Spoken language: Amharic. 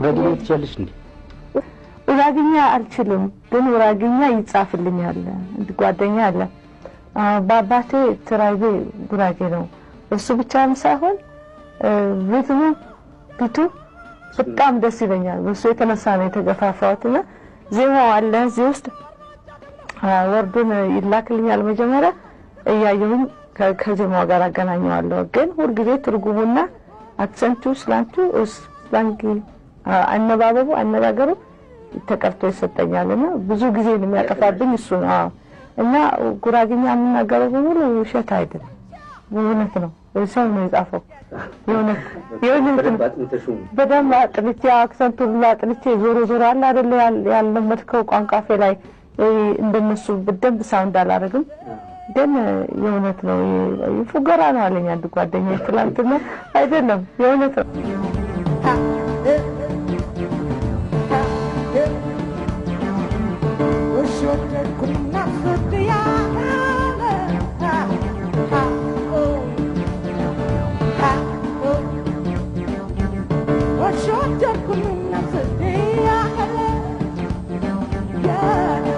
ጉራግኛ ትችያለሽ እንዴ? ጉራግኛ አልችልም፣ ግን ጉራግኛ ይጻፍልኛል። ጓደኛ አለ። በአባቴ ትራይቤ ጉራጌ ነው። እሱ ብቻም ሳይሆን ሪትሙ ቢቱ በጣም ደስ ይለኛል። በሱ የተነሳ ነው የተገፋፋሁት እና ዜማው አለ እዚህ ውስጥ ወርዱን ይላክልኛል መጀመሪያ እያየሁኝ ከዜማው ጋር አገናኘዋለሁ። ግን ሁልጊዜ ትርጉሙና አክሰንቱ ስላንቱ ስላንጊ አነባበቡ አነጋገሩ ተቀርቶ ይሰጠኛል እና ብዙ ጊዜ የሚያጠፋብኝ እሱ ነው። እና ጉራግኛ የምናገረው በሙሉ ውሸት አይደለም፣ በእውነት ነው። ሰው ነው የጻፈው። በደንብ አጥንቼ አክሰንቱ ብላ አጥንቼ ዞሮ ዞሮ አለ አደለ ያለመድከው ቋንቋፌ ላይ እንደነሱ በደንብ ሳውንድ አላደርግም፣ ግን የእውነት ነው። ፉገራ ነው አለኝ አንድ ጓደኛ ትላንትና። አይደለም የእውነት ነው። short time the day I had. Yeah.